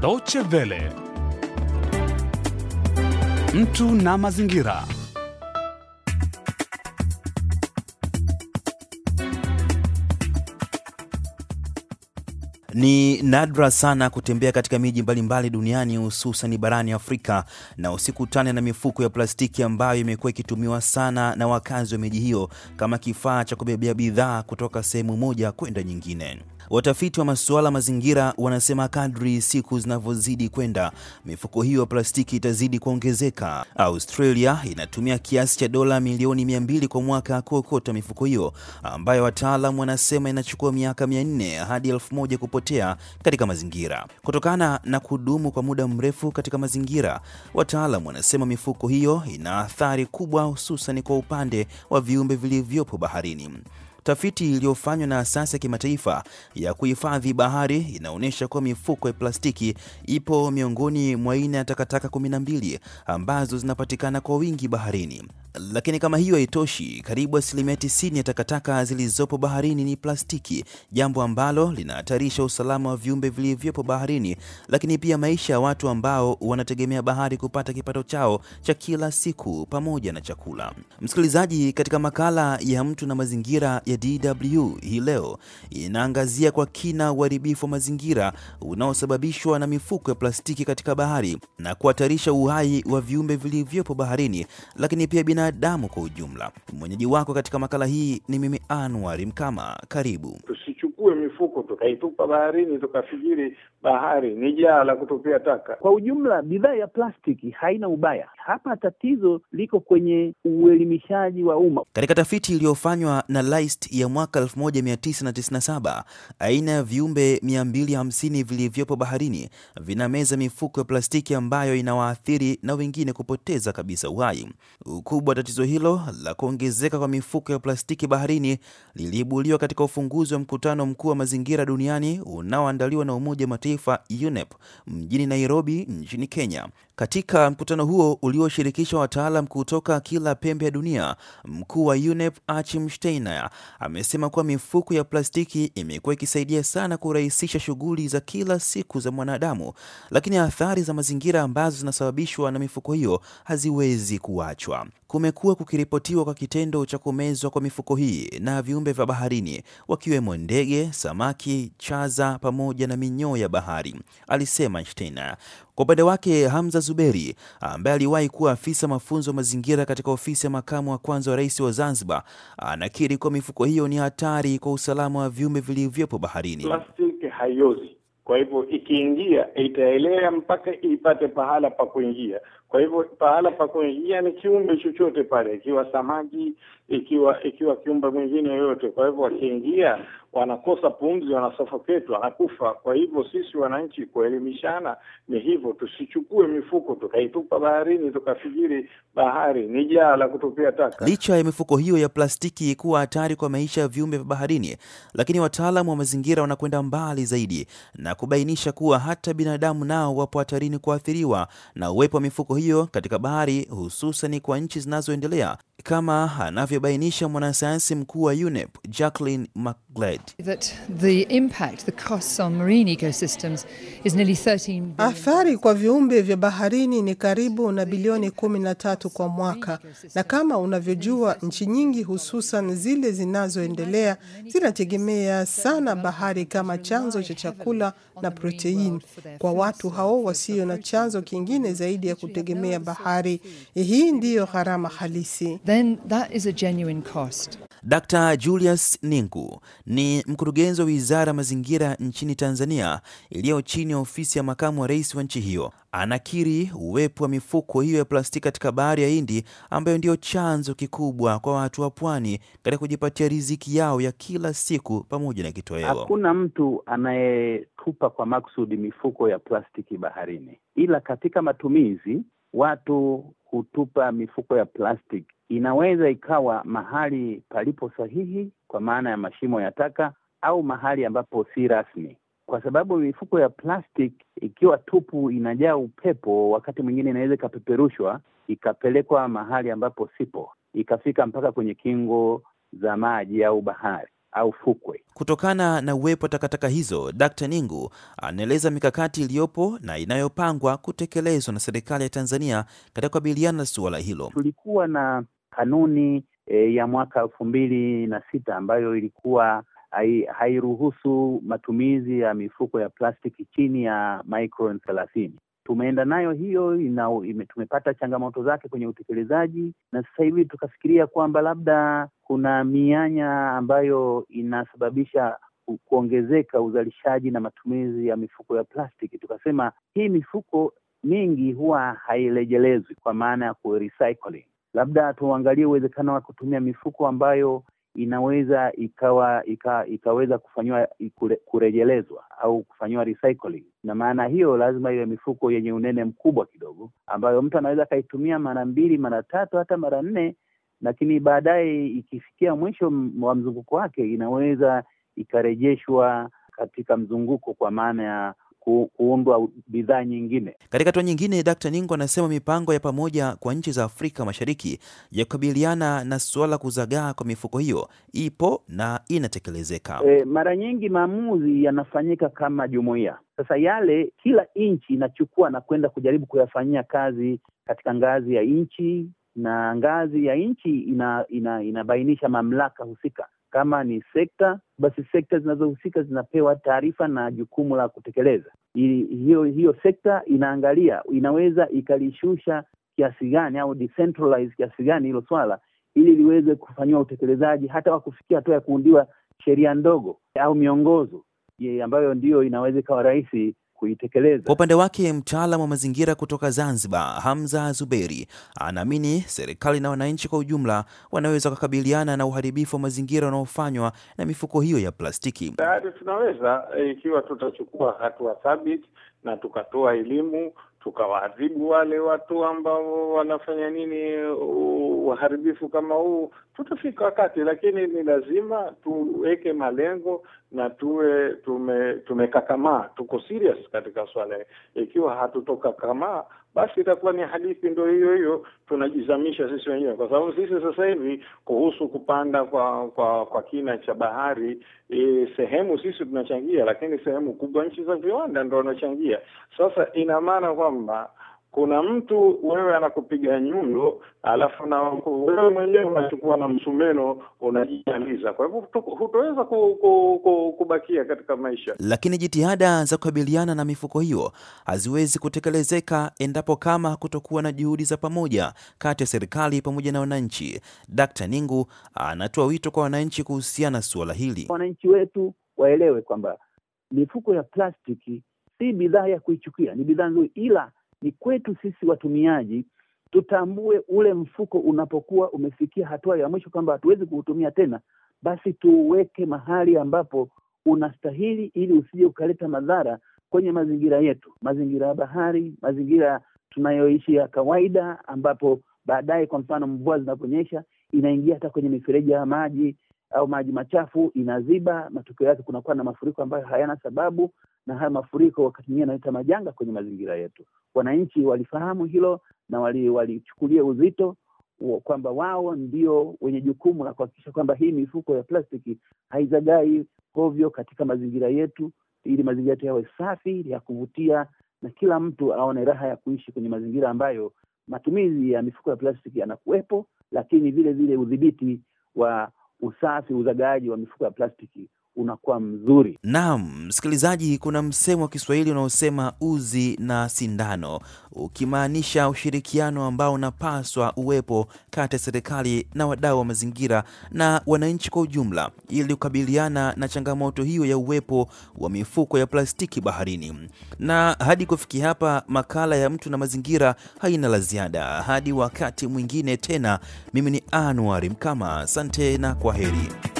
Deutsche Welle. Mtu na mazingira. Ni nadra sana kutembea katika miji mbalimbali duniani hususan barani Afrika na usikutane na mifuko ya plastiki ambayo imekuwa ikitumiwa sana na wakazi wa miji hiyo kama kifaa cha kubebea bidhaa kutoka sehemu moja kwenda nyingine. Watafiti wa masuala mazingira wanasema kadri siku zinavyozidi kwenda, mifuko hiyo ya plastiki itazidi kuongezeka. Australia inatumia kiasi cha dola milioni mbili kwa mwaka kuokota mifuko hiyo ambayo wataalamu wanasema inachukua miaka 400 hadi moja kupotea katika mazingira. Kutokana na kudumu kwa muda mrefu katika mazingira, wataalamu wanasema mifuko hiyo ina athari kubwa, hususan kwa upande wa viumbe vilivyopo baharini. Tafiti iliyofanywa na asasi ya kimataifa ya kuhifadhi bahari inaonyesha kuwa mifuko ya plastiki ipo miongoni mwa aina ya takataka 12 ambazo zinapatikana kwa wingi baharini. Lakini kama hiyo haitoshi, karibu asilimia 90 ya takataka zilizopo baharini ni plastiki, jambo ambalo linahatarisha usalama wa viumbe vilivyopo baharini, lakini pia maisha ya watu ambao wanategemea bahari kupata kipato chao cha kila siku pamoja na chakula. Msikilizaji, katika makala ya mtu na mazingira ya DW hii leo inaangazia kwa kina uharibifu wa mazingira unaosababishwa na mifuko ya plastiki katika bahari na kuhatarisha uhai wa viumbe vilivyopo baharini, lakini pia binadamu kwa ujumla. Mwenyeji wako katika makala hii ni mimi Anwar Mkama. Karibu Tusichu tuchukue mifuko tukaitupa baharini tukafikiri bahari ni jaa la kutupia taka. Kwa ujumla, bidhaa ya plastiki haina ubaya, hapa tatizo liko kwenye uelimishaji wa umma. Katika tafiti iliyofanywa na LIST ya mwaka 1997 aina ya viumbe 250 vilivyopo baharini vinameza mifuko ya plastiki ambayo inawaathiri na wengine kupoteza kabisa uhai. Ukubwa wa tatizo hilo la kuongezeka kwa mifuko ya plastiki baharini liliibuliwa katika ufunguzi wa mkutano mkuu wa mazingira duniani unaoandaliwa na Umoja wa Mataifa UNEP mjini Nairobi nchini Kenya. Katika mkutano huo ulioshirikisha wataalam kutoka kila pembe ya dunia, mkuu wa UNEP Achim Steiner amesema kuwa mifuko ya plastiki imekuwa ikisaidia sana kurahisisha shughuli za kila siku za mwanadamu, lakini athari za mazingira ambazo zinasababishwa na mifuko hiyo haziwezi kuachwa. Kumekuwa kukiripotiwa kwa kitendo cha kumezwa kwa mifuko hii na viumbe vya baharini wakiwemo ndege, samaki, chaza pamoja na minyoo ya bahari, alisema Steiner. Kwa upande wake Hamza Zuberi ambaye aliwahi kuwa afisa mafunzo mazingira katika ofisi ya makamu wa kwanza wa rais wa Zanzibar anakiri kuwa mifuko hiyo ni hatari kwa usalama wa viumbe vilivyopo baharini. Plastiki haiozi, kwa hivyo ikiingia itaelea mpaka ipate pahala pa kuingia. Kwa hivyo pahala pa kuingia ni kiumbe chochote pale, ikiwa samaki, ikiwa ikiwa kiumbe mwingine yoyote. Kwa hivyo wakiingia wanakosa pumzi, wanasuffocate, wanakufa. Kwa hivyo sisi wananchi kuelimishana ni hivyo, tusichukue mifuko tukaitupa baharini tukafikiri bahari ni jaa la kutupia taka. Licha ya mifuko hiyo ya plastiki kuwa hatari kwa maisha ya viumbe vya baharini, lakini wataalamu wa mazingira wanakwenda mbali zaidi na kubainisha kuwa hata binadamu nao wapo hatarini kuathiriwa na uwepo wa mifuko hiyo katika bahari, hususan kwa nchi zinazoendelea kama anavyobainisha mwanasayansi mkuu wa UNEP Jacqueline Mc Athari kwa viumbe vya baharini ni karibu na bilioni 13 kwa mwaka, na kama unavyojua, nchi nyingi hususan zile zinazoendelea zinategemea sana bahari kama chanzo cha chakula na proteini kwa watu hao wasio na chanzo kingine zaidi ya kutegemea bahari. Hii ndiyo gharama halisi. Then that is a genuine cost. Dr. Julius Ningu ni mkurugenzi wa Wizara ya Mazingira nchini Tanzania iliyo chini ya ofisi ya makamu wa rais wa nchi hiyo. Anakiri uwepo wa mifuko hiyo ya plastiki katika Bahari ya Hindi ambayo ndiyo chanzo kikubwa kwa watu wa pwani katika kujipatia riziki yao ya kila siku pamoja na kitoweo. Hakuna mtu anayetupa kwa maksudi mifuko ya plastiki baharini, ila katika matumizi watu hutupa mifuko ya plastiki inaweza ikawa mahali palipo sahihi kwa maana ya mashimo ya taka au mahali ambapo si rasmi, kwa sababu mifuko ya plastic ikiwa tupu inajaa upepo, wakati mwingine inaweza ikapeperushwa ikapelekwa mahali ambapo sipo, ikafika mpaka kwenye kingo za maji au bahari au fukwe. Kutokana na uwepo wa takataka hizo, d Ningu anaeleza mikakati iliyopo na inayopangwa kutekelezwa na serikali ya Tanzania katika kukabiliana na suala hilo. Tulikuwa na kanuni e, ya mwaka elfu mbili na sita ambayo ilikuwa hairuhusu matumizi ya mifuko ya plastiki chini ya micron thelathini. Tumeenda nayo hiyo ina, ime, tumepata changamoto zake kwenye utekelezaji, na sasa hivi tukafikiria kwamba labda kuna mianya ambayo inasababisha kuongezeka uzalishaji na matumizi ya mifuko ya plastiki. Tukasema hii mifuko mingi huwa hairejelezwi kwa maana ya ku recycling. Labda tuangalie uwezekano wa kutumia mifuko ambayo inaweza ikawa ika, ikaweza kufanyiwa kure, kurejelezwa au kufanyiwa recycling, na maana hiyo lazima iwe mifuko yenye unene mkubwa kidogo, ambayo mtu anaweza akaitumia mara mbili, mara tatu, hata mara nne, lakini baadaye ikifikia mwisho wa mzunguko wake inaweza ikarejeshwa katika mzunguko, kwa maana ya kuundwa bidhaa nyingine. Katika hatua nyingine, Dkt. Ningo anasema mipango ya pamoja kwa nchi za Afrika Mashariki ya kukabiliana na suala kuzagaa kwa mifuko hiyo ipo na inatekelezeka. E, mara nyingi maamuzi yanafanyika kama jumuiya. Sasa yale kila nchi inachukua na kwenda kujaribu kuyafanyia kazi katika ngazi ya nchi na ngazi ya nchi ina, ina, inabainisha mamlaka husika. Kama ni sekta, basi sekta zinazohusika zinapewa taarifa na jukumu la kutekeleza. Hiyo hiyo sekta inaangalia inaweza ikalishusha kiasi gani au decentralize kiasi gani hilo swala, ili liweze kufanyiwa utekelezaji hata wa kufikia hatua ya kuundiwa sheria ndogo au miongozo ambayo ndiyo inaweza ikawa rahisi kuitekeleza. Kwa upande wake, mtaalamu wa mazingira kutoka Zanzibar, Hamza Zuberi, anaamini serikali na wananchi kwa ujumla wanaweza kukabiliana na uharibifu wa mazingira unaofanywa na mifuko hiyo ya plastiki. Tayari tunaweza ikiwa tutachukua hatua thabiti na tukatoa elimu tukawaadhibu wale watu ambao wanafanya nini uharibifu kama huu, tutafika wakati, lakini ni lazima tuweke malengo na tuwe tume, tumekakamaa, tuko serious katika swala. Ikiwa hatutokakamaa, basi itakuwa ni hadithi ndo hiyo hiyo, tunajizamisha sisi wenyewe, kwa sababu sisi sasa hivi kuhusu kupanda kwa kwa, kwa kina cha bahari e, sehemu sisi tunachangia, lakini sehemu kubwa nchi za viwanda ndo wanachangia. Sasa ina maana kwamba kuna mtu wewe anakupiga nyundo alafu na wewe mwenyewe unachukua na msumeno unajializa. Kwa hivyo hutoweza ku, ku, ku, kubakia katika maisha. Lakini jitihada za kukabiliana na mifuko hiyo haziwezi kutekelezeka endapo kama kutokuwa na juhudi za pamoja kati ya serikali pamoja na wananchi. Dkt. Ningu anatoa wito kwa wananchi kuhusiana na suala hili. Wananchi wetu waelewe kwamba mifuko ya plastiki si bidhaa ya kuichukia, ni bidhaa nzuri ila ni kwetu sisi watumiaji tutambue ule mfuko unapokuwa umefikia hatua ya mwisho kwamba hatuwezi kuutumia tena, basi tuweke mahali ambapo unastahili ili usije ukaleta madhara kwenye mazingira yetu, mazingira ya bahari, mazingira tunayoishi ya kawaida, ambapo baadaye, kwa mfano, mvua zinaponyesha inaingia hata kwenye mifereji ya maji au maji machafu inaziba. Matokeo yake kunakuwa na mafuriko ambayo hayana sababu, na haya mafuriko wakati mwingine yanaleta majanga kwenye mazingira yetu. Wananchi walifahamu hilo na walichukulia wali uzito kwamba wao ndio wenye jukumu la kuhakikisha kwamba hii mifuko ya plastiki haizagai hovyo katika mazingira yetu, ili mazingira yetu yawe safi ya kuvutia na kila mtu aone raha ya kuishi kwenye mazingira ambayo matumizi ya mifuko ya plastiki yanakuwepo, lakini vile vile udhibiti wa usafi, uzagaaji wa mifuko ya plastiki unakuwa mzuri. Naam, msikilizaji, kuna msemo wa Kiswahili unaosema uzi na sindano, ukimaanisha ushirikiano ambao unapaswa uwepo kati ya serikali na wadau wa mazingira na wananchi kwa ujumla, ili kukabiliana na changamoto hiyo ya uwepo wa mifuko ya plastiki baharini. Na hadi kufikia hapa, makala ya Mtu na Mazingira haina la ziada. Hadi wakati mwingine tena, mimi ni anuari Mkama, asante na kwa heri.